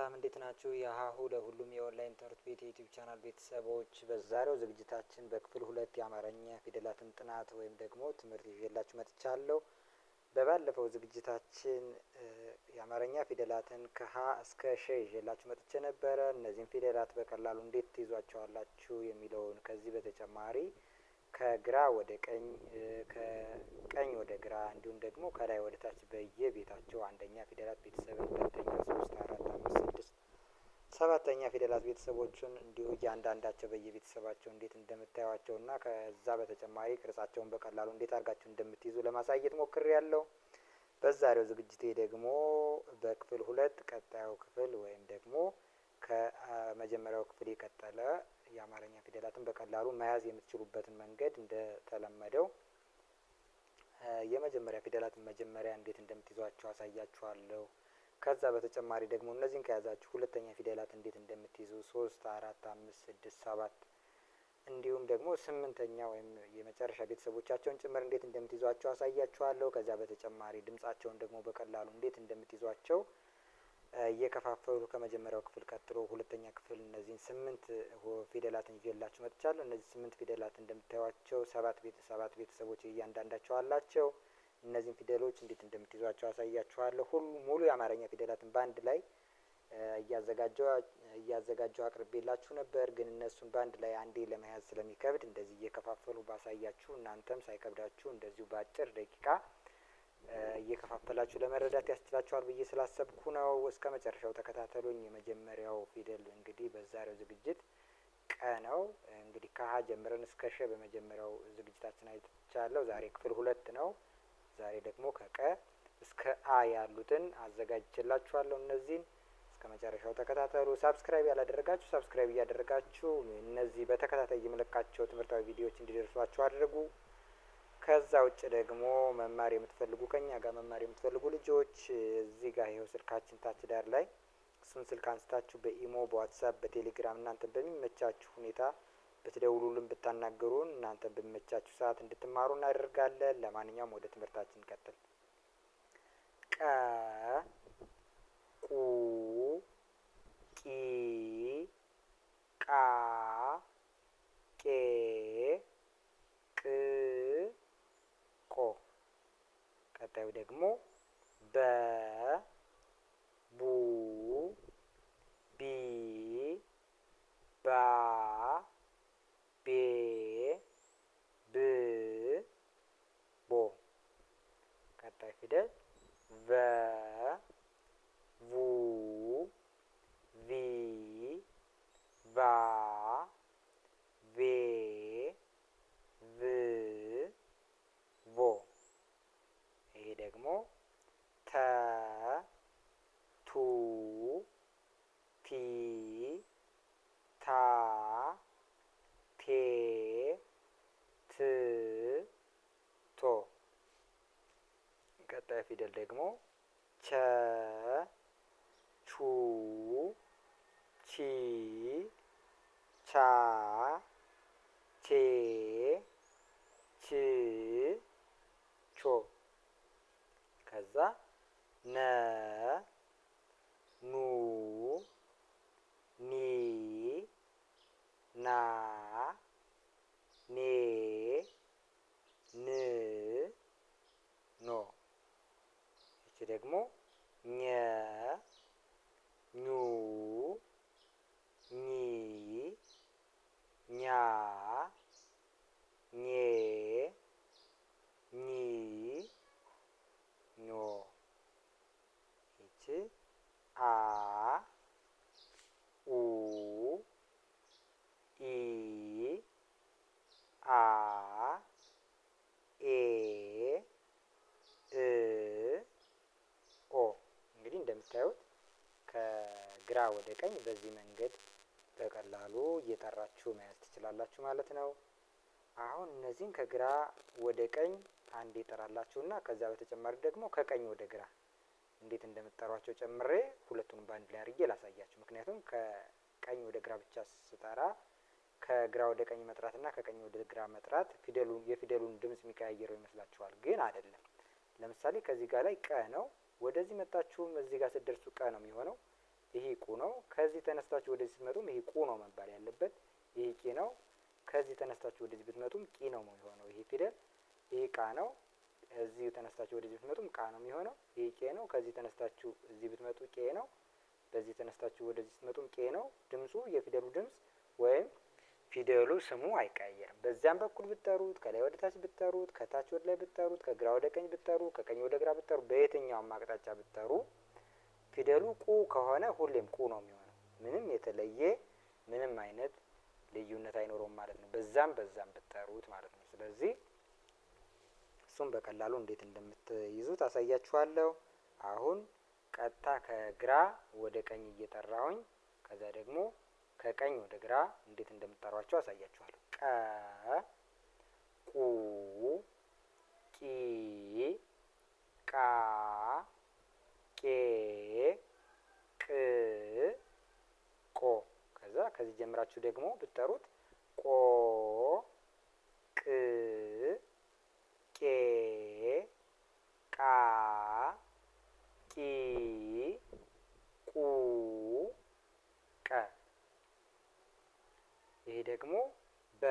ሰላም እንዴት ናችሁ? የሀሁ ለሁሉም የኦንላይን ትምህርት ቤት የዩቲዩብ ቻናል ቤተሰቦች በዛሬው ዝግጅታችን በክፍል ሁለት የአማርኛ ፊደላትን ጥናት ወይም ደግሞ ትምህርት ይዤላችሁ መጥቻለሁ። በባለፈው ዝግጅታችን የአማርኛ ፊደላትን ከሀ እስከ ሸ ይዤላችሁ መጥቼ ነበረ። እነዚህም ፊደላት በቀላሉ እንዴት ትይዟቸዋላችሁ የሚለውን ከዚህ በተጨማሪ ከግራ ወደ ቀኝ ከቀኝ ወደ ግራ እንዲሁም ደግሞ ከላይ ወደ ታች በየቤታቸው አንደኛ ፊደላት ቤተሰብን፣ ሁለተኛ፣ ሶስት፣ አራት፣ አምስት፣ ስድስት፣ ሰባተኛ ፊደላት ቤተሰቦችን እንዲሁ እያንዳንዳቸው በየቤተሰባቸው እንዴት እንደምታዩቸው እና ከዛ በተጨማሪ ቅርጻቸውን በቀላሉ እንዴት አድርጋችሁ እንደምትይዙ ለማሳየት ሞክሬ ያለው። በዛሬው ዝግጅቴ ደግሞ በክፍል ሁለት ቀጣዩ ክፍል ወይም ደግሞ ከመጀመሪያው ክፍል የቀጠለ የአማርኛ ፊደላትን በቀላሉ መያዝ የምትችሉበትን መንገድ እንደተለመደው የመጀመሪያ ፊደላትን መጀመሪያ እንዴት እንደምትይዟቸው አሳያችኋለሁ። ከዛ በተጨማሪ ደግሞ እነዚህን ከያዛችሁ ሁለተኛ ፊደላት እንዴት እንደምትይዙ ሶስት፣ አራት፣ አምስት፣ ስድስት፣ ሰባት እንዲሁም ደግሞ ስምንተኛ ወይም የመጨረሻ ቤተሰቦቻቸውን ጭምር እንዴት እንደምትይዟቸው አሳያችኋለሁ። ከዚያ በተጨማሪ ድምጻቸውን ደግሞ በቀላሉ እንዴት እንደምትይዟቸው እየከፋፈሉ ከመጀመሪያው ክፍል ቀጥሎ ሁለተኛ ክፍል እነዚህን ስምንት ፊደላትን ይዤላችሁ መጥቻለሁ። እነዚህ ስምንት ፊደላት እንደምታዩቸው ሰባት ቤተ ሰባት ቤተሰቦች እያንዳንዳቸው አላቸው። እነዚህን ፊደሎች እንዴት እንደምትይዟቸው አሳያችኋለሁ። ሁሉ ሙሉ የአማርኛ ፊደላትን በአንድ ላይ እያዘጋጀው አቅርቤላችሁ ነበር፣ ግን እነሱን በአንድ ላይ አንዴ ለመያዝ ስለሚከብድ እንደዚህ እየከፋፈሉ ባሳያችሁ እናንተም ሳይከብዳችሁ እንደዚሁ በአጭር ደቂቃ እየከፋፈላችሁ ለመረዳት ያስችላችኋል ብዬ ስላሰብኩ ነው። እስከ መጨረሻው ተከታተሉኝ። የመጀመሪያው ፊደል እንግዲህ በዛሬው ዝግጅት ቀ ነው። እንግዲህ ከሀ ጀምረን እስከ ሸ በመጀመሪያው ዝግጅታችን አይቻለሁ። ዛሬ ክፍል ሁለት ነው። ዛሬ ደግሞ ከቀ እስከ አ ያሉትን አዘጋጅችላችኋለሁ። እነዚህን እስከ መጨረሻው ተከታተሉ። ሳብስክራይብ ያላደረጋችሁ ሳብስክራይብ እያደረጋችሁ እነዚህ በተከታታይ የምለቃቸው ትምህርታዊ ቪዲዮዎች እንዲደርሷችሁ አድርጉ። ከዛ ውጭ ደግሞ መማር የምትፈልጉ ከኛ ጋር መማር የምትፈልጉ ልጆች እዚህ ጋር ይኸው ስልካችን ታች ዳር ላይ እሱን ስልክ አንስታችሁ በኢሞ፣ በዋትሳፕ፣ በቴሌግራም እናንተን በሚመቻችሁ ሁኔታ ብትደውሉልን ብታናገሩን እናንተን በሚመቻችሁ ሰዓት እንድትማሩ እናደርጋለን። ለማንኛውም ወደ ትምህርታችን እንቀጥል። ቀ ቁ ቂ ቀጣዩ ደግሞ በ ቡ ቀጣይ ፊደል ደግሞ ቸ ቹ ቺ ቻ ቼ ቺ ቾ ከዛ ነ ኑ ኒ ና ኔ ን ደግሞ ኘ ኙ ኚ ከግራ ወደ ቀኝ በዚህ መንገድ በቀላሉ እየጠራችሁ መያዝ ትችላላችሁ ማለት ነው። አሁን እነዚህን ከግራ ወደ ቀኝ አንዴ እጠራላችሁና ከዛ በተጨማሪ ደግሞ ከቀኝ ወደ ግራ እንዴት እንደምጠሯቸው ጨምሬ ሁለቱን በአንድ ላይ አድርጌ ላሳያችሁ። ምክንያቱም ከቀኝ ወደ ግራ ብቻ ስጠራ ከግራ ወደ ቀኝ መጥራትና ከቀኝ ወደ ግራ መጥራት ፊደሉን የፊደሉን ድምፅ የሚቀያየረው ይመስላችኋል፣ ግን አይደለም። ለምሳሌ ከዚህ ጋር ላይ ቀ ነው። ወደዚህ መጣችሁም እዚህ ጋር ስደርሱ ቀ ነው የሚሆነው። ይሄ ቁ ነው። ከዚህ ተነስታችሁ ወደዚህ ስትመጡም ይሄ ቁ ነው መባል ያለበት። ይሄ ቂ ነው። ከዚህ ተነስታችሁ ወደዚህ ብትመጡም ቂ ነው የሚሆነው ይሄ ፊደል። ይሄ ቃ ነው። እዚህ ተነስታችሁ ወደዚህ ብትመጡም ቃ ነው የሚሆነው። ይሄ ቄ ነው። ከዚህ ተነስታችሁ እዚህ ብትመጡ ቄ ነው። በዚህ ተነስታችሁ ወደዚህ ስትመጡም ቄ ነው። ድምፁ የፊደሉ ድምፅ ወይም ፊደሉ ስሙ አይቀየርም። በዚያም በኩል ብትጠሩት፣ ከላይ ወደ ታች ብትጠሩት፣ ከታች ወደ ላይ ብትጠሩት፣ ከግራ ወደ ቀኝ ብትጠሩ፣ ከቀኝ ወደ ግራ ብትጠሩ፣ በየትኛውም አቅጣጫ ብትጠሩ ፊደሉ ቁ ከሆነ ሁሌም ቁ ነው የሚሆነው። ምንም የተለየ ምንም አይነት ልዩነት አይኖረውም ማለት ነው። በዛም በዛም ብትጠሩት ማለት ነው። ስለዚህ እሱም በቀላሉ እንዴት እንደምትይዙት አሳያችኋለሁ። አሁን ቀጥታ ከግራ ወደ ቀኝ እየጠራሁኝ ከዛ ደግሞ ከቀኝ ወደ ግራ እንዴት እንደምጠሯቸው አሳያችኋለሁ። ቀ ቁ ቂ ቃ ቄ ቅ ቆ ከዛ ከዚህ ጀምራችሁ ደግሞ ብትጠሩት ቆ ቅ ቄ ቃ ቂ ቁ ቀ ይሄ ደግሞ በ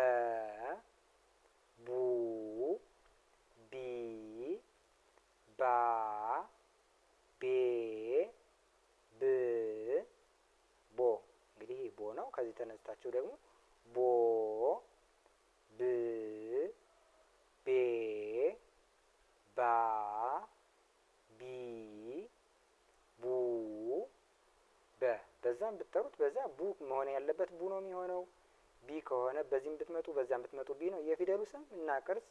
ካላችሁ ደግሞ ቦ ብ ቤ ባ ቢ ቡ በ በዛም ብትጠሩት በዛ ቡ መሆን ያለበት ቡ ነው የሚሆነው። ቢ ከሆነ በዚህም ብትመጡ በዛም ብትመጡ ቢ ነው። የፊደሉ ስም እና ቅርጽ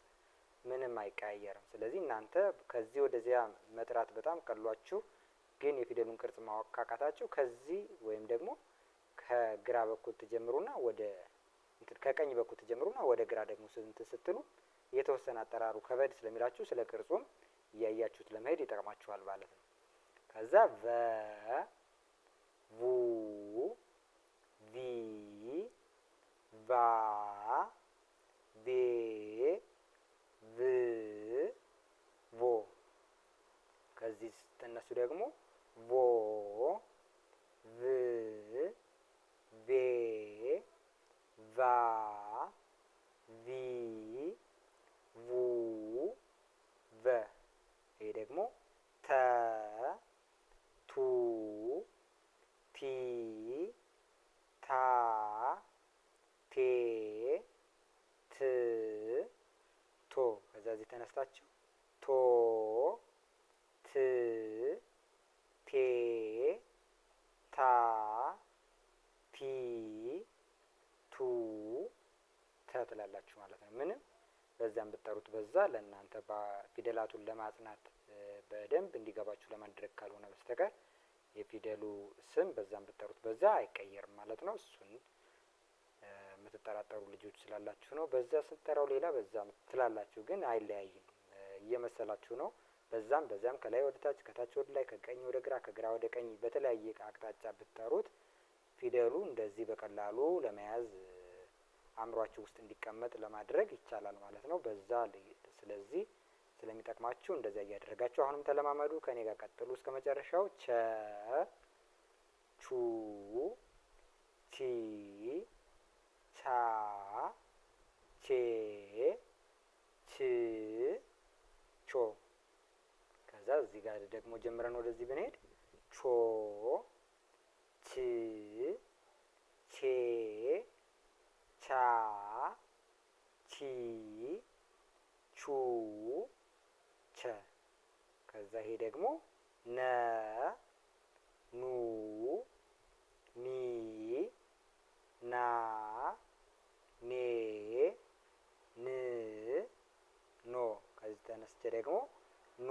ምንም አይቀያየርም። ስለዚህ እናንተ ከዚህ ወደዚያ መጥራት በጣም ቀሏችሁ፣ ግን የፊደሉን ቅርጽ ማወቅ ካቃታችሁ ከዚህ ወይም ደግሞ ከግራ በኩል ትጀምሩና ወደ ከቀኝ በኩል ትጀምሩና ወደ ግራ ደግሞ ስንት ስትሉ የተወሰነ አጠራሩ ከበድ ስለሚላችሁ ስለ ቅርጹም እያያችሁት ለመሄድ ይጠቅማችኋል ማለት ነው። ከዛ ቨ ቡ ቪ ቫ ቬ ቭ ቮ ከዚህ ስትነሱ ደግሞ ቮ ቭ ቬ ቫ ቪ ቩ ቨ። ይሄ ደግሞ ተ ቱ ቲ ታ ቴ ት ቶ። ከዛ እዚህ ተነስታችሁ ቶ ት ቴ ታ ቲ ቱ ተ ትላላችሁ ማለት ነው። ምንም በዛም ብጠሩት በዛ ለእናንተ ፊደላቱን ለማጽናት በደንብ እንዲገባችሁ ለማድረግ ካልሆነ በስተቀር የፊደሉ ስም በዛም ብጠሩት በዛ አይቀየርም ማለት ነው። እሱን የምትጠራጠሩ ልጆች ስላላችሁ ነው። በዛ ስትጠራው ሌላ በዛም ትላላችሁ፣ ግን አይለያይም። እየመሰላችሁ ነው። በዛም በዛም ከላይ ወደ ታች፣ ከታች ወደ ላይ፣ ከቀኝ ወደ ግራ፣ ከግራ ወደ ቀኝ በተለያየ አቅጣጫ ብትጠሩት ፊደሉ እንደዚህ በቀላሉ ለመያዝ አእምሯችሁ ውስጥ እንዲቀመጥ ለማድረግ ይቻላል ማለት ነው። በዛ ስለዚህ ስለሚጠቅማችሁ እንደዚያ እያደረጋችሁ አሁንም ተለማመዱ። ከእኔ ጋር ቀጥሉ እስከ መጨረሻው። ቸ ቹ ቺ ቻ ቼ ች ቾ። ከዛ እዚህ ጋር ደግሞ ጀምረን ወደዚህ ብንሄድ ቾ ች ቼ ቻ ቺ ቹ ቸ ከዛ ይሄ ደግሞ ነ ኑ ኒ ና ኔ ን ኖ ከዚህ ተነስቼ ደግሞ ኖ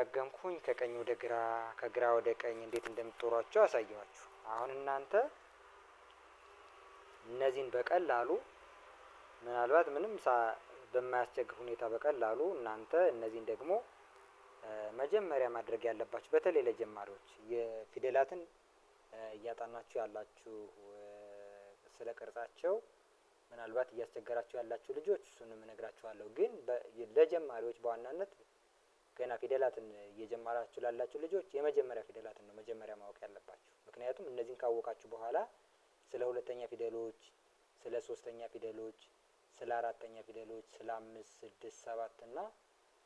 እያጋገምኩኝ ከቀኝ ወደ ግራ ከግራ ወደ ቀኝ እንዴት እንደምትጦሯቸው አሳየኋችሁ። አሁን እናንተ እነዚህን በቀላሉ ምናልባት ምንም በማያስቸግር ሁኔታ በቀላሉ እናንተ እነዚህን ደግሞ መጀመሪያ ማድረግ ያለባችሁ በተለይ ለጀማሪዎች የፊደላትን እያጣናችሁ ያላችሁ ስለ ቅርጻቸው ምናልባት እያስቸገራችሁ ያላችሁ ልጆች እሱንም እነግራችኋለሁ። ግን ለጀማሪዎች በዋናነት ገና ፊደላትን እየጀመራችሁ ላላችሁ ልጆች የመጀመሪያ ፊደላትን ነው መጀመሪያ ማወቅ ያለባችሁ። ምክንያቱም እነዚህን ካወቃችሁ በኋላ ስለ ሁለተኛ ፊደሎች፣ ስለ ሶስተኛ ፊደሎች፣ ስለ አራተኛ ፊደሎች፣ ስለ አምስት፣ ስድስት፣ ሰባት እና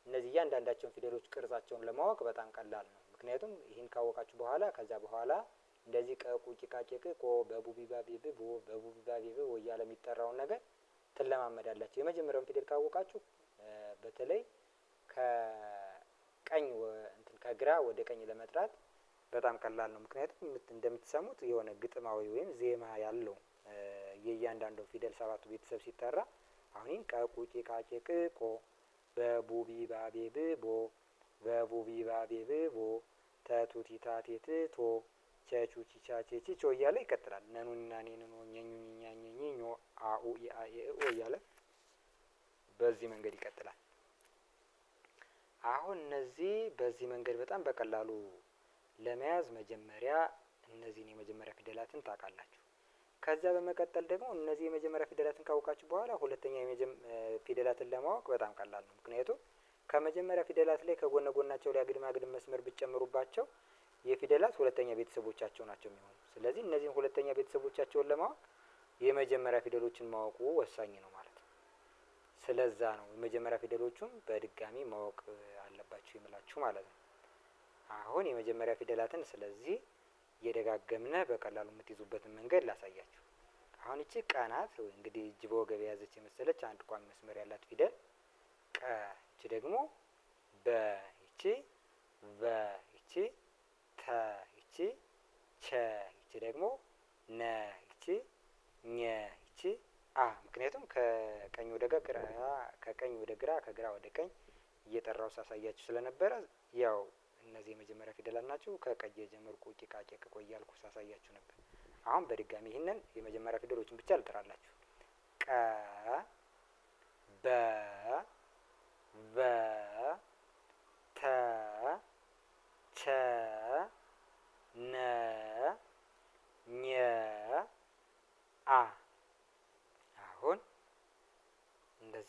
እነዚህ እያንዳንዳቸውን ፊደሎች ቅርጻቸውን ለማወቅ በጣም ቀላል ነው። ምክንያቱም ይህን ካወቃችሁ በኋላ ከዛ በኋላ እንደዚህ ቀቁቂቃቄቅ ቆ በቡቢባቢብ ቦ በቡቢባቢብ ወ የሚጠራውን ነገር ትለማመዳላችሁ። የመጀመሪያውን ፊደል ካወቃችሁ በተለይ ከ ከቀኝ እንትን ከግራ ወደ ቀኝ ለመጥራት በጣም ቀላል ነው። ምክንያቱም እንደምትሰሙት የሆነ ግጥማዊ ወይም ዜማ ያለው የእያንዳንዱ ፊደል ሰባቱ ቤተሰብ ሲጠራ አሁን ቀቁጭ ቃቄ ቆ በቡቢ ባቤ ቦ በቡቢ ባቤ ብቦ ተቱቲታ ቴትቶ ቸቹቺቻ ቾ እያለ ይቀጥላል። ነኑና ኔንኖ ኘኙኛኘኝኞ አኡ ኢአኤ እያለ በዚህ መንገድ ይቀጥላል። አሁን እነዚህ በዚህ መንገድ በጣም በቀላሉ ለመያዝ መጀመሪያ እነዚህን የመጀመሪያ ፊደላትን ታውቃላችሁ። ከዚያ በመቀጠል ደግሞ እነዚህ የመጀመሪያ ፊደላትን ካወቃችሁ በኋላ ሁለተኛ ፊደላትን ለማወቅ በጣም ቀላል ነው። ምክንያቱም ከመጀመሪያ ፊደላት ላይ ከጎነ ጎናቸው ላይ አግድም አግድም መስመር ብትጨምሩባቸው የፊደላት ሁለተኛ ቤተሰቦቻቸው ናቸው የሚሆኑ። ስለዚህ እነዚህን ሁለተኛ ቤተሰቦቻቸውን ለማወቅ የመጀመሪያ ፊደሎችን ማወቁ ወሳኝ ነው ማለት ነው። ስለዛ ነው የመጀመሪያ ፊደሎቹም በድጋሚ ማወቅ አለባችሁ የምላችሁ ማለት ነው። አሁን የመጀመሪያ ፊደላትን ስለዚህ እየደጋገምነ በቀላሉ የምትይዙበትን መንገድ ላሳያችሁ። አሁን እቺ ቀናት ወይ እንግዲህ እጅ በወገብ የያዘች የመሰለች አንድ ቋሚ መስመር ያላት ፊደል ቀ። እቺ ደግሞ በ፣ እቺ በ፣ እቺ ተ፣ እቺ ቸ፣ እቺ ደግሞ ነ፣ እቺ ኘ፣ እቺ ምክንያቱም ከቀኝ ወደ ግራ ከቀኝ ወደ ግራ ከግራ ወደ ቀኝ እየጠራው ሳሳያችሁ ስለነበረ ያው እነዚህ የመጀመሪያ ፊደላት ናቸው። ከቀይ የጀመርኩ ቂቃ ቄቅ እያልኩ ሳሳያችሁ ነበር። አሁን በድጋሚ ይህንን የመጀመሪያ ፊደሎችን ብቻ ልጥራላችሁ። ቀ በ በ ተ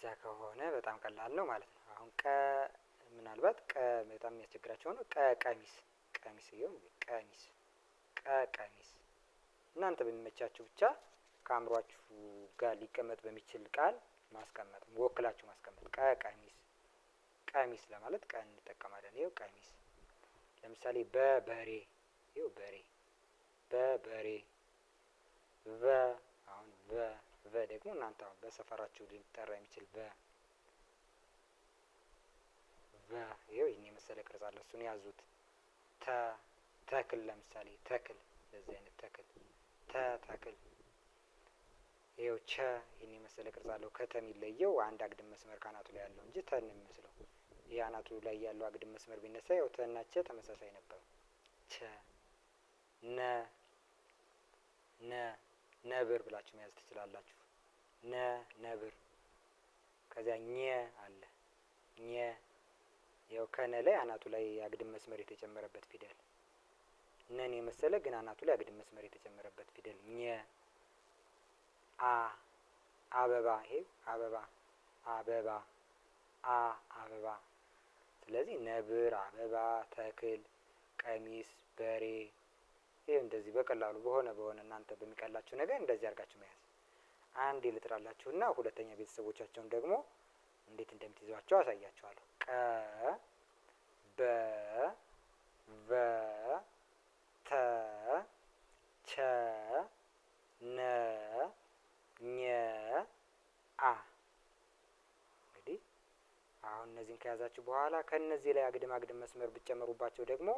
እንደዛ ከሆነ በጣም ቀላል ነው ማለት ነው። አሁን ቀ ምናልባት ቀ በጣም የሚያስቸግራቸው ነው። ቀ ቀሚስ ቀሚስ ይሄው ቀሚስ ቀ ቀሚስ እናንተ በሚመቻችሁ ብቻ ከአእምሯችሁ ጋር ሊቀመጥ በሚችል ቃል ማስቀመጥ ወክላችሁ ማስቀመጥ። ቀ ቀሚስ ቀሚስ ለማለት ቀ እንጠቀማለን። ይሄው ቀሚስ ለምሳሌ በበሬ ይሄው በሬ በበሬ በ አሁን በ በ ደግሞ እናንተ አሁን በሰፈራችሁ ሊጠራ የሚችል በ በ ይኸው ይህን የመሰለ ቅርጽ አለ። እሱን ያዙት። ተ ተክል፣ ለምሳሌ ተክል፣ በዚህ አይነት ተክል ተ ተክል። ይኸው ቸ ይህን የመሰለ ቅርጽ አለው። ከተ የሚለየው አንድ አግድም መስመር ካናቱ ላይ ያለው እንጂ ተን የሚመስለው። ይህ አናቱ ላይ ያለው አግድም መስመር ቢነሳ ያው ተና ቸ ተመሳሳይ ነበሩ። ቸ ነ ነ ነብር ብላችሁ መያዝ ትችላላችሁ። ነ ነብር ከዚያ ኘ አለ ኘ ያው ከነ ላይ አናቱ ላይ አግድም መስመር የተጨመረበት ፊደል ነን የመሰለ ግን አናቱ ላይ አግድም መስመር የተጨመረበት ፊደል ኘ አ አበባ ይሄ አበባ አበባ አ አበባ ስለዚህ ነብር፣ አበባ፣ ተክል፣ ቀሚስ፣ በሬ ይህ እንደዚህ በቀላሉ በሆነ በሆነ እናንተ በሚቀላችሁ ነገር እንደዚህ አድርጋችሁ መያዝ አንድ ልጥራላችሁና ሁለተኛ ቤተሰቦቻቸውን ደግሞ እንዴት እንደምትይዟቸው አሳያችኋለሁ። ቀ በ በ ተ ቸ ነ ኘ አ እንግዲህ አሁን እነዚህን ከያዛችሁ በኋላ ከእነዚህ ላይ አግድም አግድም መስመር ብትጨመሩባቸው ደግሞ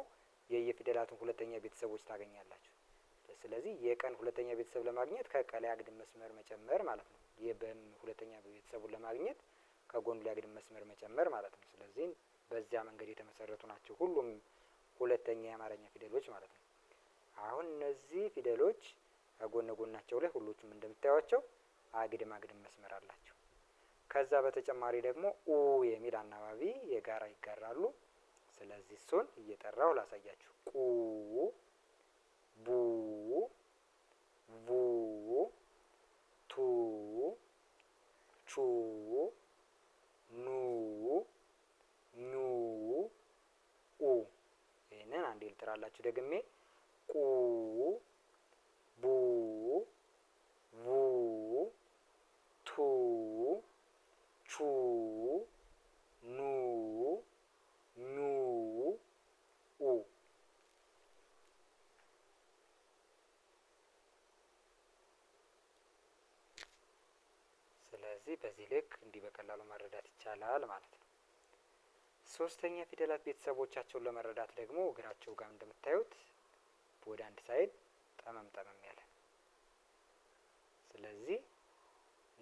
የየፊደላቱን ሁለተኛ ቤተሰቦች ታገኛላችሁ። ስለዚህ የቀን ሁለተኛ ቤተሰብ ለማግኘት ከቀ ላይ አግድም መስመር መጨመር ማለት ነው። የበን ሁለተኛ ቤተሰቡን ለማግኘት ከጎን ላይ አግድም መስመር መጨመር ማለት ነው። ስለዚህ በዚያ መንገድ የተመሰረቱ ናቸው ሁሉም ሁለተኛ የአማርኛ ፊደሎች ማለት ነው። አሁን እነዚህ ፊደሎች ከጎነ ጎናቸው ላይ ሁሎቹም እንደምታዩቸው አግድም አግድም መስመር አላቸው። ከዛ በተጨማሪ ደግሞ ኡ የሚል አናባቢ የጋራ ይጋራሉ። ስለዚህ እሱን እየጠራው ላሳያችሁ ቁ ቡ ቡ ቱ ቹ ኑ ኙ ኡ ይህንን አንዴ ልጥራላችሁ ደግሜ ቁ ቡ ቡ ቱ ቹ ኑ ኙ ስለዚህ በዚህ ልክ እንዲህ በቀላሉ መረዳት ይቻላል ማለት ነው። ሶስተኛ ፊደላት ቤተሰቦቻቸውን ለመረዳት ደግሞ እግራቸው ጋር እንደምታዩት ወደ አንድ ሳይድ ጠመም ጠመም ያለ ስለዚህ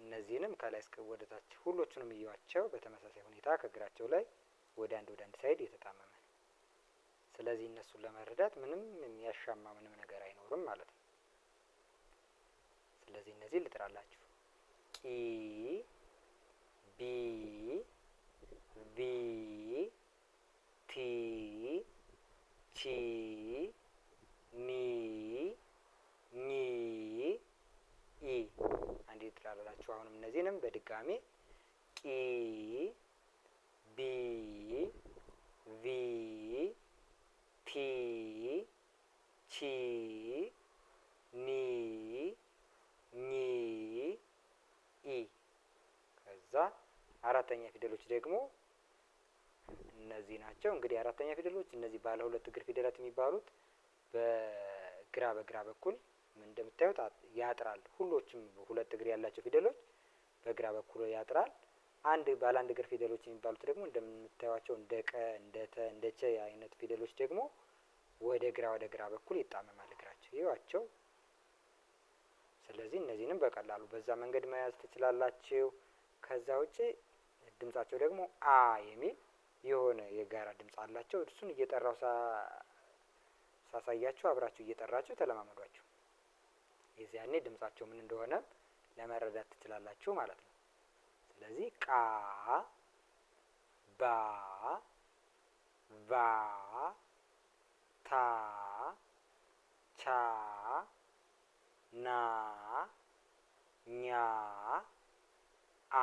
እነዚህንም ከላይ እስከ ወደታች ሁሎቹንም እያቸው በተመሳሳይ ሁኔታ ከእግራቸው ላይ ወደ አንድ ወደ አንድ ሳይድ እየተጣመመ ነው። ስለዚህ እነሱን ለመረዳት ምንም የሚያሻማ ምንም ነገር አይኖርም ማለት ነው። ስለዚህ እነዚህ ልጥራላችሁ። ቂ ቢ ቪ ቲ ቺ ኒ ኚ ኢ አንዴ ትላላችሁ። አሁንም እነዚህንም በድጋሚ ቂ ቢ ቪ ቲ ቺ ኒ ኚ ከዛ አራተኛ ፊደሎች ደግሞ እነዚህ ናቸው። እንግዲህ አራተኛ ፊደሎች እነዚህ ባለ ሁለት እግር ፊደላት የሚባሉት በግራ በግራ በኩል እንደምታዩት ያጥራል። ሁሎችም ሁለት እግር ያላቸው ፊደሎች በግራ በኩል ያጥራል። አንድ ባለ አንድ እግር ፊደሎች የሚባሉት ደግሞ እንደምታዩቸው እንደ ቀ፣ እንደ ተ፣ እንደ ቸ አይነት ፊደሎች ደግሞ ወደ ግራ ወደ ግራ በኩል ይጣመማል እግራቸው ይዋቸው። ስለዚህ እነዚህንም በቀላሉ በዛ መንገድ መያዝ ትችላላችሁ። ከዛ ውጭ ድምጻቸው ደግሞ አ የሚል የሆነ የጋራ ድምፅ አላቸው። እሱን እየጠራው ሳሳያችሁ አብራችሁ እየጠራችሁ ተለማመዷችሁ። የዚያኔ ድምጻቸው ምን እንደሆነ ለመረዳት ትችላላችሁ ማለት ነው። ስለዚህ ቃ ባ ባ ታ ቻ ና ኛ አ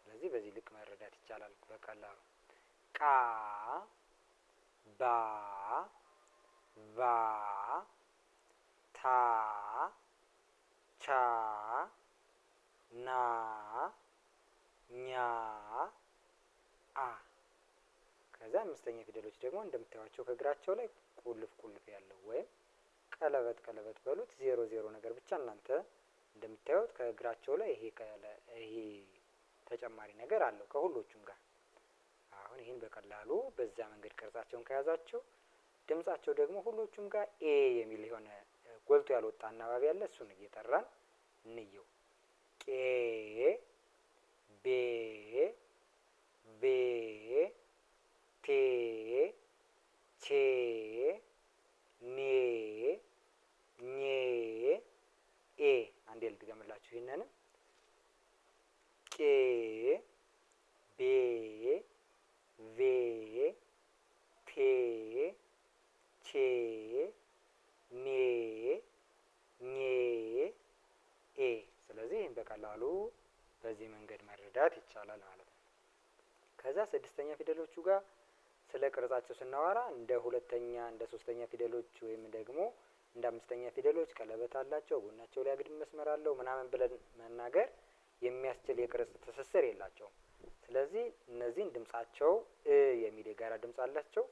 ስለዚህ በዚህ ልክ መረዳት ይቻላል በቀላሉ ቃ ባ ቫ ታ ቻ ና ኛ አ ከዛ አምስተኛ ፊደሎች ደግሞ እንደምታዩቸው ከእግራቸው ላይ ቁልፍ ቁልፍ ያለው ወይም ቀለበት ቀለበት በሉት ዜሮ ዜሮ ነገር ብቻ እናንተ እንደምታዩት ከእግራቸው ላይ ይሄ ይሄ ተጨማሪ ነገር አለው ከሁሎቹም ጋር። አሁን ይህን በቀላሉ በዛ መንገድ ቅርጻቸውን ከያዛቸው ድምጻቸው ደግሞ ሁሎቹም ጋር ኤ የሚል የሆነ ጎልቶ ያልወጣ አናባቢ ያለ እሱን እየጠራን እንየው። ቄ ቤ ቤ ቴ ቼ ኔ ኜ ኤ አንዴ ገምላችሁ ይህንንም ቄ ቤ ቬ ቴ ቼ ሜ ኜ ኤ። ስለዚህ ይህን በቀላሉ በዚህ መንገድ መረዳት ይቻላል ማለት ነው። ከዛ ስድስተኛ ፊደሎቹ ጋር ስለ ቅርጻቸው ስናወራ እንደ ሁለተኛ እንደ ሶስተኛ ፊደሎች ወይም ደግሞ እንደ አምስተኛ ፊደሎች ቀለበት አላቸው፣ ጎናቸው ላይ አግድም መስመር አለው ምናምን ብለን መናገር የሚያስችል የቅርጽ ትስስር የላቸውም። ስለዚህ እነዚህን ድምጻቸው እ የሚል የጋራ ድምጽ አላቸው።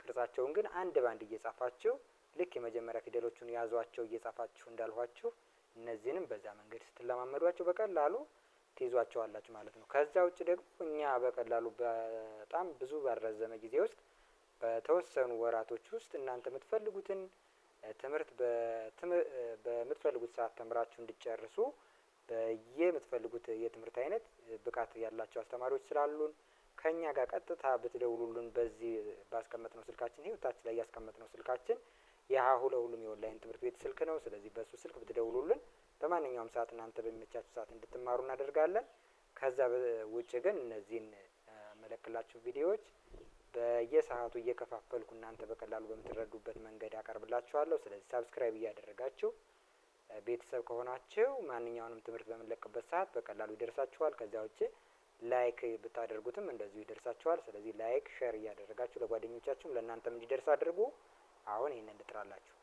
ቅርጻቸውን ግን አንድ ባንድ እየጻፋችሁ ልክ የመጀመሪያ ፊደሎቹን ያዟቸው እየጻፋችሁ እንዳልኋችሁ እነዚህንም በዛ መንገድ ስትለማመዷቸው በቀላሉ ትይዟቸዋላችሁ ማለት ነው። ከዛ ውጭ ደግሞ እኛ በቀላሉ በጣም ብዙ ባልረዘመ ጊዜ ውስጥ በተወሰኑ ወራቶች ውስጥ እናንተ የምትፈልጉትን ትምህርት በምትፈልጉት ሰዓት ተምራችሁ እንዲጨርሱ በየምትፈልጉት የትምህርት አይነት ብቃት ያላቸው አስተማሪዎች ስላሉን ከእኛ ጋር ቀጥታ ብትደውሉልን በዚህ ባስቀመጥነው ስልካችን ይኸው ታች ላይ ያስቀመጥነው ስልካችን የሀሁ ለሁሉም የኦንላይን ትምህርት ቤት ስልክ ነው። ስለዚህ በእሱ ስልክ ብትደውሉልን በማንኛውም ሰዓት እናንተ በሚመቻችሁ ሰዓት እንድትማሩ እናደርጋለን። ከዛ ውጭ ግን እነዚህን መለክላችሁ ቪዲዮዎች በየሰዓቱ እየከፋፈልኩ እናንተ በቀላሉ በምትረዱበት መንገድ አቀርብላችኋለሁ። ስለዚህ ሳብስክራይብ እያደረጋችሁ ቤተሰብ ከሆናችሁ ማንኛውንም ትምህርት በምንለቅበት ሰዓት በቀላሉ ይደርሳችኋል። ከዚያ ውጭ ላይክ ብታደርጉትም እንደዚሁ ይደርሳችኋል። ስለዚህ ላይክ፣ ሼር እያደረጋችሁ ለጓደኞቻችሁም ለእናንተም እንዲደርስ አድርጉ። አሁን ይህንን ልጥራላችሁ።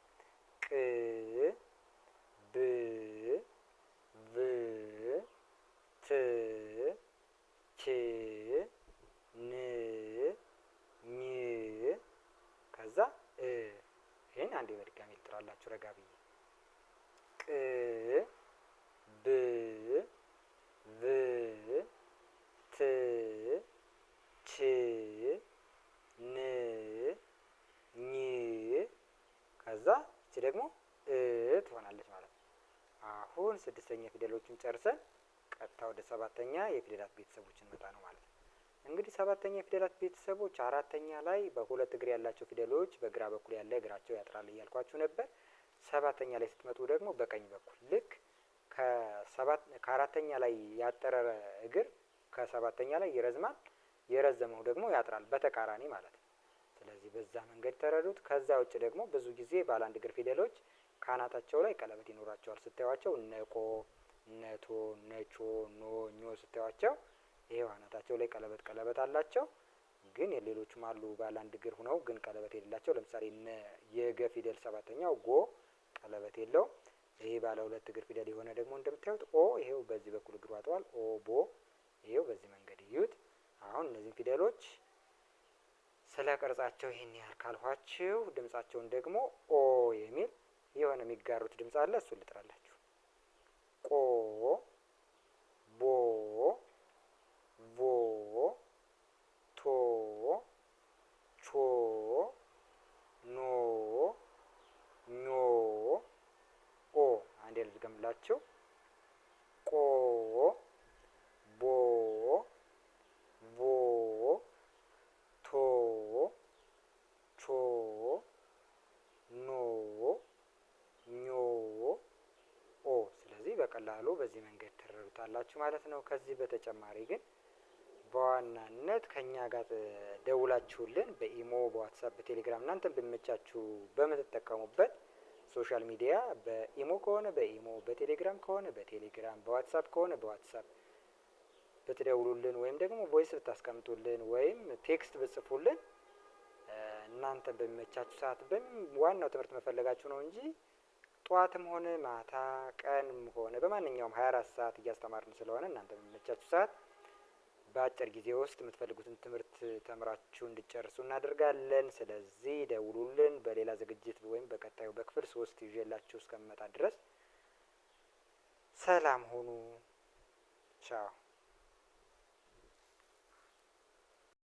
ቅ ብ ብ ት ች ን ኝ ከዛ እ ይህን አንዴ በድጋሚ ልጥራላችሁ ረጋ ብዬ ቅ ብ ብ ት ች ን ኝ ከዛ እቺ ደግሞ እ ትሆናለች ማለት ነው። አሁን ስድስተኛ ፊደሎችን ጨርሰን ቀጥታ ወደ ሰባተኛ የፊደላት ቤተሰቦች እንመጣ ነው ማለት ነው። እንግዲህ ሰባተኛ የፊደላት ቤተሰቦች አራተኛ ላይ በሁለት እግር ያላቸው ፊደሎች በግራ በኩል ያለ እግራቸው ያጥራል እያልኳችሁ ነበር። ሰባተኛ ላይ ስትመጡ ደግሞ በቀኝ በኩል ልክ ከአራተኛ ላይ ያጠረ እግር ከሰባተኛ ላይ ይረዝማል፣ የረዘመው ደግሞ ያጥራል በተቃራኒ ማለት ነው። ስለዚህ በዛ መንገድ ተረዱት። ከዛ ውጭ ደግሞ ብዙ ጊዜ ባለ አንድ እግር ፊደሎች ካናታቸው ላይ ቀለበት ይኖራቸዋል። ስታዩቸው ነቆ፣ ነቶ፣ ነቾ፣ ኖ፣ ኞ ስታዩቸው ይሄው አናታቸው ላይ ቀለበት ቀለበት አላቸው ግን ሌሎችም አሉ ባለ አንድ እግር ሆነው ግን ቀለበት የሌላቸው ለምሳሌ የገ ፊደል ሰባተኛው ጎ ቀለበት የለው። ይሄ ባለ ሁለት እግር ፊደል የሆነ ደግሞ እንደምታዩት ኦ ይሄው በዚህ በኩል እግሩ አጥዋል። ኦ ቦ ይሄው በዚህ መንገድ ይዩት። አሁን እነዚህን ፊደሎች ስለ ቅርጻቸው ይህን ያህል ካልኋችሁ ድምጻቸውን ደግሞ ኦ የሚል የሆነ የሚጋሩት ድምጽ አለ እሱ ልጥራላችሁ። ትመጣላችሁ ማለት ነው። ከዚህ በተጨማሪ ግን በዋናነት ከኛ ጋር ደውላችሁልን በኢሞ፣ በዋትሳፕ፣ በቴሌግራም እናንተን በሚመቻችሁ በምትጠቀሙበት ሶሻል ሚዲያ በኢሞ ከሆነ በኢሞ፣ በቴሌግራም ከሆነ በቴሌግራም፣ በዋትሳፕ ከሆነ በዋትሳፕ ብትደውሉልን ወይም ደግሞ ቮይስ ብታስቀምጡልን ወይም ቴክስት ብጽፉልን እናንተን በሚመቻችሁ ሰዓት በዋናው ዋናው ትምህርት መፈለጋችሁ ነው እንጂ ጠዋትም ሆነ ማታ ቀንም ሆነ በማንኛውም ሀያ አራት ሰዓት እያስተማርን ስለሆነ እናንተ በሚመቻችሁ ሰዓት በአጭር ጊዜ ውስጥ የምትፈልጉትን ትምህርት ተምራችሁ እንዲጨርሱ እናደርጋለን። ስለዚህ ደውሉልን። በሌላ ዝግጅት ወይም በቀጣዩ በክፍል ሶስት ይዤላችሁ እስከምመጣ ድረስ ሰላም ሁኑ። ቻው